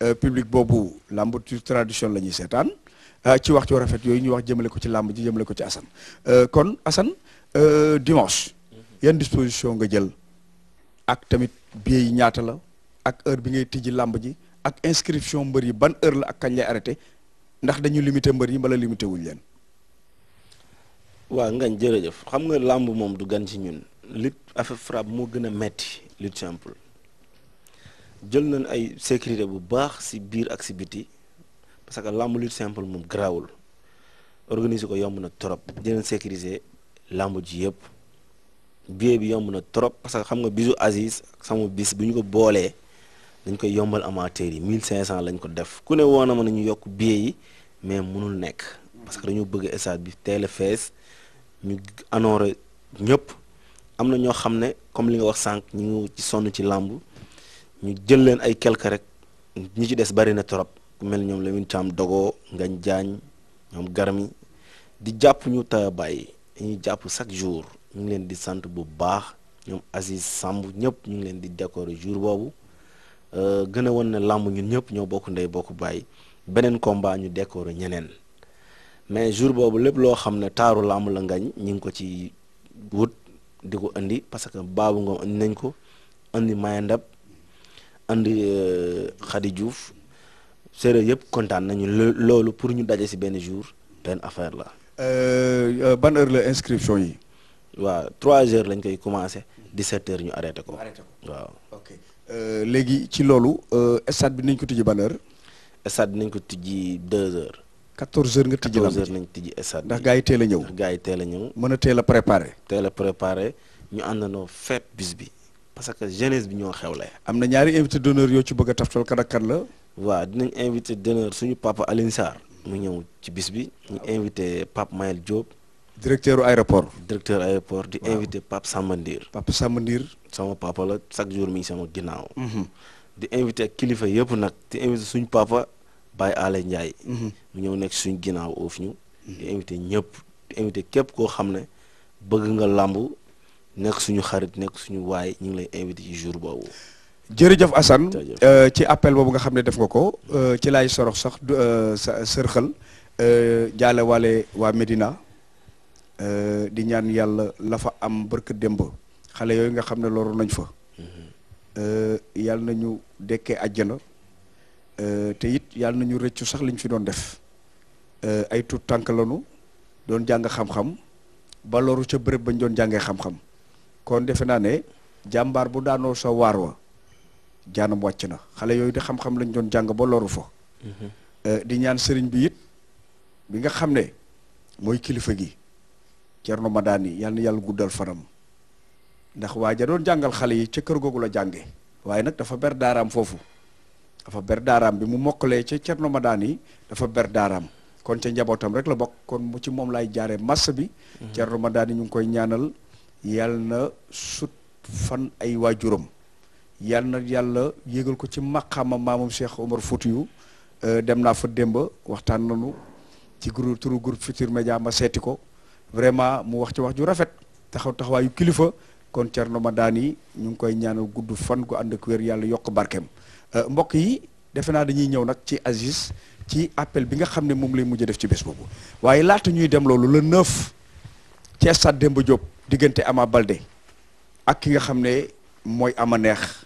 Euh, public boobu làmb tradition la ñuy seetaan euh, ci wax ci rafet yooyu ñuy wax jëmale ko ci làmb ji jëmale ko ci Assane euh, kon Assane dimanche yan disposition nga jël ak tamit billet yi ñaata la ak heure bi ngay tijji làmb ji ak inscription mbër yi ban heure la ak kañ lay arrêté ndax dañu limité mbër yi bala limité wuñ leen. waaw ngañ jërëjëf xam nga làmb moom du gan ci ñun. lutte avec frappe moo gën a metti lutte simple. jël nañ ay sécurité bu baax si biir ak si biti parce que làmb lu simple moom garaawul organiser ko yomb na trop dinañ sécuriser làmb ji yëpp bier bi yomb na trop parce que xam nga bisu Aziz sama bis bu ñu ko boolee dañ koy yombal amateurs yi 1500 lañ ko def ku ne woon na ma ne ñu yokk billet yi mais munul nekk. parce que dañu bëgg stade bi teel a fees ñu honoré ñëpp am na ñoo xam ne comme li nga wax sànq ñu ngi ci sonn ci làmb. ñu jël leen ay quelque rek ñi ci des bari na trop ku mel ñoom Lamine Thiam dogoo ngañ jaañ ñoom garmi di jàpp ñu ta bàyyi dañuy jàpp chaque jour ñu ngi leen di sant bu baax ñoom Aziz Samb ñëpp ñu ngi leen di décorer jour boobu euh, gën a woon ne làmb ñun ñëpp ñoo bokk ndey bokk bàyyi beneen combat ñu décorer ñeneen mais jour boobu lépp loo xam ne taaru làmb la ngañ ñu ngi ko ci wut di ko indi parce que baabu ngoom indi nañ ko indi mayandab andi euh, Khady Diouf séeréer yëpp kontaan nañu loolu pour ñu daje si benn jour benn affaire la. Euh, euh, ban heure la inscription yi. waaw trois heures lañ koy commencé 17 heures ñu arrêté ko. arrêté ko waaw. ok léegi ci loolu stade bi nañ ko tijji ban heure. stade bi nañ ko tijji 2 heures. 14 heures nga tijji la 14 heures nañ tijji stade ndax gaa yi teel a ñëw. ndax gars yi teel a ñëw. mën a teel a préparé. teel a préparé ñu àndandoo feet bis bi. parce que jeunesse bi ñoo xewle. am na ñaari invité d'honneur yoo ci bëgg a taftal kan ak kan la. waaw dinañ invité d'honneur suñu papa Alioune mu ñëw ci bis bi. ñu ah. invité Pape Mayel Diop. directeur aéroport. directeur aéroport di invité Pape Samba Ndiir. Pape Samba Ndiir. sama papa la chaque jour mi ngi sama ginnaaw. Mm-hmm. di invité kilifa yëpp nag di invité suñu papa Baye Alé Ndiaye. Mm-hmm. mu ñëw nekk suñu ginnaaw oof ñu. di mm-hmm. invité ñëpp di invité képp koo xam ne bëgg nga làmb nekk suñu xarit nekk suñu waay ñu ngi lay invité ci jour boobu. jërëjëf Assane euh, ci appel boobu nga xam ne def nga ko euh, ci laay sorox sax euh, sa sërxal jaale waale waa Medina di ñaan yàlla lafa am barka démb xale yooyu nga xam ne loru nañ fa. Mm-hmm. yàlla nañu dekkee àjjana te it yàlla nañu rëccu sax liñ fi doon def ay tuut tànk lanu doon jàng xam-xam ba loru ca bërëb bañ doon jàngee xam-xam. kon defe naa ne jàmbaar bu daanoo sa waar wa jaanam wàcc na xale yooyu di xam-xam lañ doon jàng boo loru fa. Mhm. Eh, di ñaan sëriñ bi it bi nga xam ne mooy kilifa gi Thierno Madani yal na yàlla guddal fanam ndax waa ja jàngal xale yi ca kër googu la jànge waaye nag dafa ber daaraam foofu dafa ber daaraam bi mu mokkalee ca Thierno Madani dafa ber daaraam kon ca njabootam rek la bokk kon ci moom laay jaaree mass bi. Mhm. Thierno Madani ñu ngi koy ñaanal. yàlla na sut fan ay waajuram yàlla na yàlla yégal ko ci maqaama maamam Cheikh Omar Foutiyou euh, dem naa fa démba waxtaan nañu ci groupe turu groupe Futurs Médias ma seeti ko vraiment mu wax ci wax ju rafet taxaw taxawaayu kilifa kon Thierno Madani ñu ngi koy ñaanal gudd fan gu ànd ak yàlla yokk barkeem euh, mbokk yi defe naa dañuy ñëw nag ci Aziz ci appel bi nga xam ne moom lay mujj def ci bés boobu waaye laata ñuy dem loolu la 9 ci stade Demba Diop. diggante Ama balde ak ki nga xam ne mooy ama neex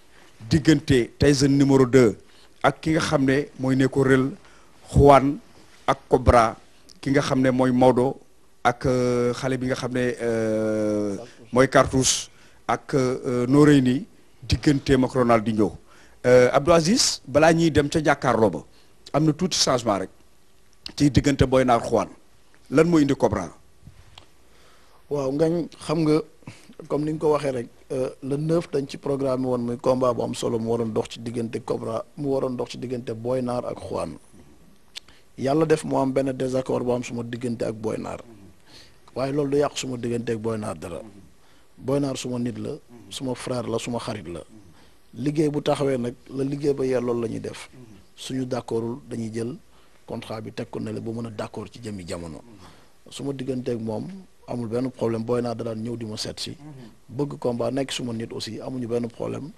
diggante Tyson numéro 2 ak ki nga xam ne mooy ne ko rël Juan ak Cobra ki nga xam ne mooy Maodo ak euh, xale bi nga xam ne euh, mooy Cartouche ak diggante euh, digganteem di Ronaldinho Abdou Aziz balaa ñuy dem ca jàkkaarloo ba am na tuuti changement rek ci diggante Boy Naar Juan lan moo indi Cobra waaw ngañ xam nga comme ni nga ko waxee rek euh, le neuf dañ ci programme woon muy combat bu am solo mu waroon dox ci diggante Cobra mu waroon dox ci diggante Boy Naar ak Juan yàlla def mu am benn désaccord bu am suma diggante ak Boy Naar waaye loolu du yàq suma diggante ak Boy Naar dara Boy Naar suma nit la suma frère la suma xarit la liggéey bu taxawee nag la liggéey ba yee loolu la ñuy def suñu d'accordul dañuy jël contrat bi teg ko ne la mën a d'accord ci jëmi jamono. su ma digganteeg moom amul benn problème booy naa da daan ñëw di ma seet si. Mhm. bëgg combat nekk su ma nit aussi amuñu benn problème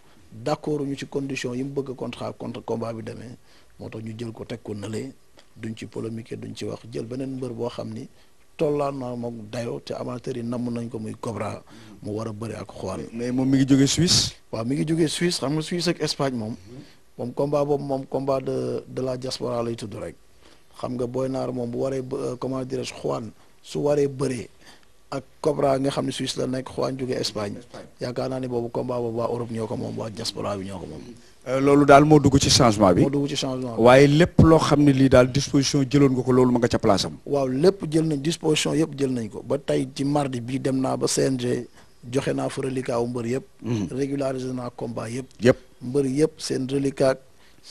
d' accord ñu ci condition yi mu bëgg contrat contre combat bi demee moo tax ñu jël ko teg ko nële duñ ci polémique duñ ci wax jël beneen mbër boo xam ni tollaan naa moom dayoo te amateur yi namm nañ ko muy Cobra mhm. mu war a bëri ak Juan. mais moom mi ngi jógee Suisse. waa mi ngi jógee Suisse xam nga Suisse ak Espagne moom. Mhm. moom combat boobu moom combat de de la diaspora lay tudd rek. xam nga Boy Naar moom bu waree euh, comment dirais-je Juan su waree bëree ak Cobra nga xam ne Suisse la nekk Juan jóge Espagne yaakaar naa ne boobu combat boobu waa Europe ñoo ko moom waa diaspora bi ñoo ko moom. Euh, loolu daal moo dugg ci changement bi dugg ci changement waaye lépp loo xam ne lii daal disposition jëloon nga ko loolu ma nga ca place am. waaw lépp jël nañ disposition yëpp jël nañ ko ba tey ci mardi bii dem naa ba CNG joxe naa fa reliquat wu mbër yëpp. Mhm. régulariser naa combat yëpp. yëpp mbër yëpp seen reliquat.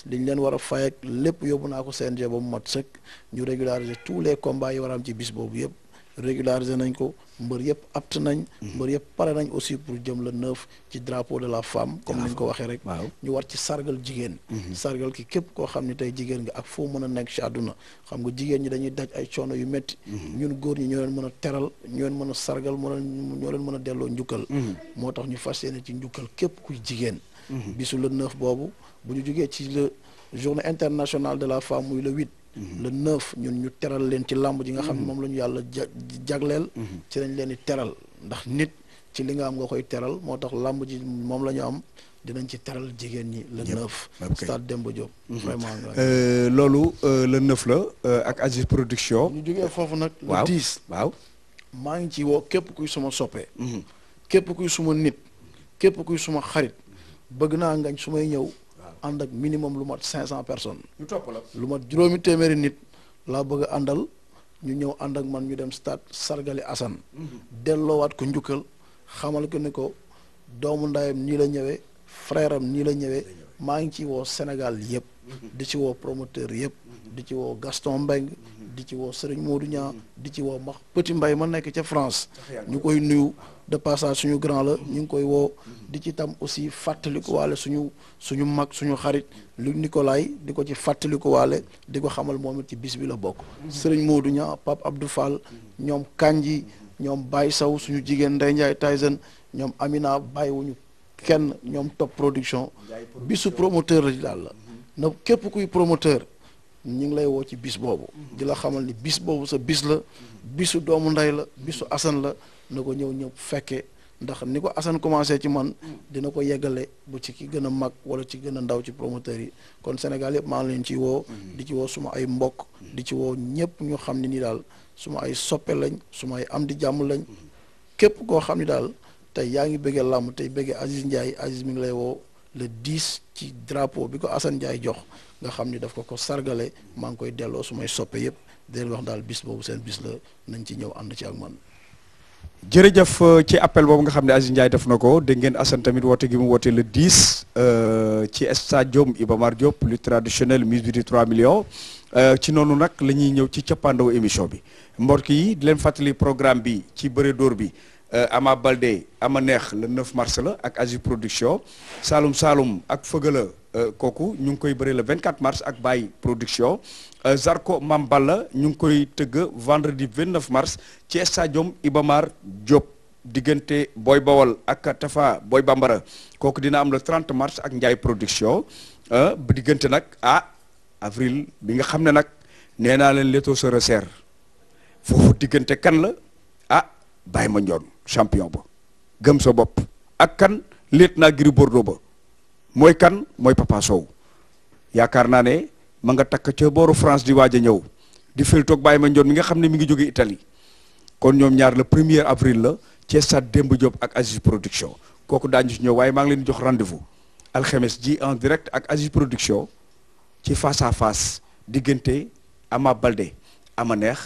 liñ leen war a fay lépp yóbbu naa ko CNG ba mu mat sëkk ñu régulariser tous les combats yi war a ci bis boobu yëpp régulariser nañ ko mbër yëpp apt nañ. Hmm. mbër yëpp pare nañ aussi pour jëm le neuf ci drapeau de la femme. comme ni ko waxee rek. ñu wat ci sargal jigéen. Hmm. sargal ki képp koo xam ne tey jigéen nga ak foo mën a nekk ci àdduna xam nga jigéen ñi dañuy daj ay coono yu métti. Hmm. ñun góor ñi ñoo leen mën a teral ñoo leen mën a sargal ñoo leen mën a delloo njukkal. moo tax ñu fas yéene ci njukkal képp kuy jigéen. Mmh. bisu le neuf boobu bu ñu jógee ci le journée international de la femme muy le huit mmh. le neuf ñu teral leen ci làmb ji nga xam ne mmh. moom la ñu yàlla jagleel ci lañ leen di teral ndax nit ci li nga am nga koy teral moo tax làmb ji moom la ñu am dinañ ci teral jigéen ñi la neuf stade Demba Diop vraiment euh, loolu euh, le neuf la euh, ak Aziz production ñu jógee foofu nag le dix maa ngi ci woo képp kuy suma soppee képp kuy suma nit képp kuy suma xarit bëgg naa ngañ su may ñëw ànd ak minimum lu mat cinq cent personnes ñu topp la lu mat juróomi téeméeri nit laa bëgg a àndal ñu ñëw ànd ak man ñu dem stade sargali Assane mhm. delloowaat ko njukkal xamal ko ni ko doomu ndayam nii la ñëwee frère am nii la ñëwee maa ngi ci woo Sénégal yëpp mhm. di ci woo promoteur yëpp mhm. di ci woo Gaston Mbengue di ci woo Serigne Modou Niang di ci woo max Petit mbay ma nekk ca France ñu koy nuyu de passage suñu grand la ñu ngi koy woo di ci tam aussi fàttaliku waale suñu suñu mag suñu xarit lu Nicolay di ko ci fàttaliku waale di ko xamal moom ci bis bi la bokk moo du Niang Pape Abdou Fall ñoom Kanji ñoom Baye saw suñu jigéen Ndeye Ndiaye Tyson ñoom Amina bàyyiwuñu kenn ñoom top production bisu promoteur la daal la na képp kuy promoteur ñu ngi lay woo ci bis boobu di la xamal ni bis boobu sa bis la bisu doomu nday la bisu Assane la na ko ñëw ñëpp fekkee ndax ni ko Assane commencé ci man dina ko yeggale bu ci ki gën a mag wala ci gën a ndaw ci promoteur yi kon Sénégal yëpp maa ngi leen ciy woo di ci woo suma ay mbokk di ci woo ñëpp ñu xam ne ni daal suma ay soppe lañ suma ay am di jàmm lañ képp koo xam ni daal tey yaa ngi bëggee làmb tey bëggee Aziz Ndiaye Aziz mi ngi lay woo le 10 ci drapeau bi ko Assane Ndiaye jox nga xam ni daf ko ko sargale maa ngi koy delloo sumay soppee soppe yëpp di wax daal bis boobu seen bis la nañ ci ñëw ànd ci ak man. jërëjëf euh, ci appel boobu nga xam ne Aziz Ndiaye def na ko dégg ngeen Assane tamit woote gi mu woote le 10 euh, ci stadium Iba Mar Diop lu traditionnel mise bi di 3 millions euh, ci noonu nag la ñuy ñëw ci cappaandawu émission bi mbokk yi di leen fàttali programme bi ci bëre dóor bi. Euh, Ama Baldé Ama Neex le 9 mars la ak asi production Saalum Saalum ak Fëgala euh, kooku ñu ngi koy bëri le 24 mars ak Baye production euh, Zarko Mam Balla ñu ngi koy tëgg vendredi 29 mars ci stadium Iba Mar Diop diggante Boy Bawol ak Tafa Boy Bambara kooku dina am le 30 mars ak Ndiaye production diggante nag ah avril bi nga xam ne nag nee naa leen Leewtoo se resserre foofu diggante kan la ah ma Mandione champion ba gëm sa bopp ak kan léet naa giri Bordeaux ba mooy kan mooy Papa Sow yaakaar naa ne ma nga takk ca booru France di waaj a ñëw di fël toog bàyyi ma njoon mi nga xam ne mi ngi jóge Italie kon ñoom ñaar la premier avril la ci stade Demba Diop ak Aziz Production kooku daañu si ñëw waaye maa ngi leen di jox rendez-vous alxemes ji en direct ak Aziz Production ci face à diggante Ama Baldé ama neex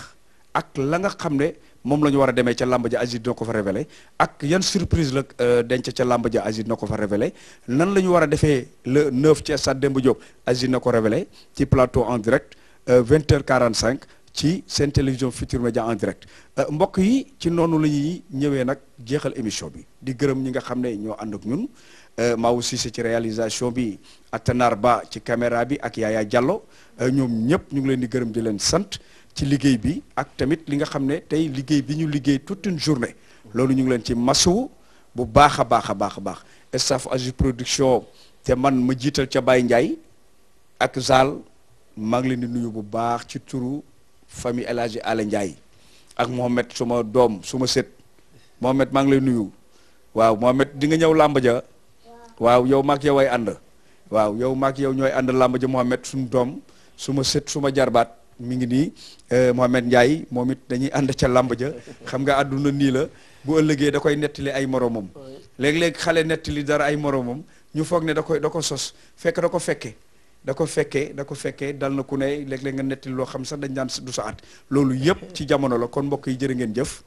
ak la nga xam ne moom la ñu war a demee ca làmb ja Aziz ko fa révélé ak yan surprise la euh, dence ca làmb ja Aziz ko fa révélé nan la ñu war a defee le 9 ci stade Demba Diop na ko révélé ci plateau en direct 20h45 euh, ci seen télévision Futur Média en direct euh, mbokk yi ci noonu la ñuy ñëwee nag jeexal émission bi di gërëm ñi nga xam ne ñoo ànd ak ñun Maawu Cissé ci réalisation bi Atanar Ba ci caméra bi ak Yaya Diallo ñoom ñëpp ñu ngi leen di gërëm di leen sant. ci liggéey bi ak tamit li nga xam ne tey liggéey bi ñu liggéey tout une journée loolu ñu ngi leen ci masawu bu baax a baax a baax a baax staff Agi Production te man ma jiital ca Baye Ndiaye ak Zal maa ngi leen nuyu bu baax ci turu famille El Hadji ak Mohamed suma doom suma sët Mohamed maa ngi lay nuyu waaw Mohamed di nga ñëw làmb waaw yow maak yow ay ànd waaw yow maak yow ñooy ànd làmb ja Mohamed suñu doom suma sët suma jarbaat mi ngi nii euh, Mohamed Ndiaye moom it dañuy ànd ca làmb ja xam nga àdduna nii la bu ëllëgee da koy nettali ay moromam léeg-léeg xale nettali dara ay moromam ñu foog ne da koy da ko sos fekk da ko fekke da ko fekkee da ko fekkee dal na ku ne léeg-léeg nga nettali loo xam sax dañ daan du sa at loolu yëpp ci jamono la kon mbokk yi jërë ngeen jëf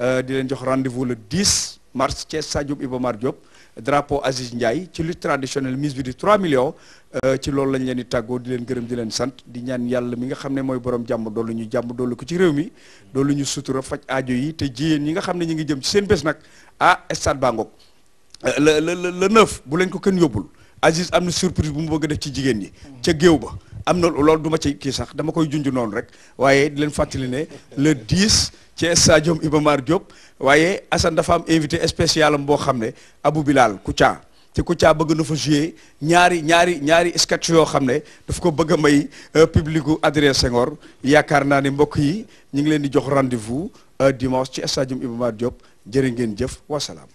euh, di leen jox rendez-vous le 10 mars Thiès Sadio Iba Mar Diop drapeau Aziz Ndiaye ci lutte traditionnelle mise bi di 3 millions euh, ci loolu lañ leen di tàggoo di leen gërëm di leen sant di ñaan yàlla mi nga xam ne mooy borom jàmm doolu ñu jàmm doolu ko ci réew mi doolu ñu sutura faj aajo yi te jiyéen ñi nga xam ne ñu ngi jëm ci seen bés nag ah stade Bangok euh, le la le neuf bu leen ko kenn yóbbul Aziz am na surprise bu mu bëgg def ci jigéen ñi ca géew ba am na loolu duma ma ci kii sax dama koy junj noonu rek waaye di leen fàttali ne le 10 ci stadium Iba Mar Diop waaye Assane dafa am invité spécial boo xam ne Abou Bilal Kouthia te Kouthia bëgg na fa jouer ñaari ñaari ñaari sketch yoo xam ne daf ko bëgg a may euh, publicu Adrien Senghor yaakaar naa ne mbokk yi ñu ngi leen di jox rendez-vous euh, dimanche ci stadium Iba Mar Diop ngeen jëf wasalaam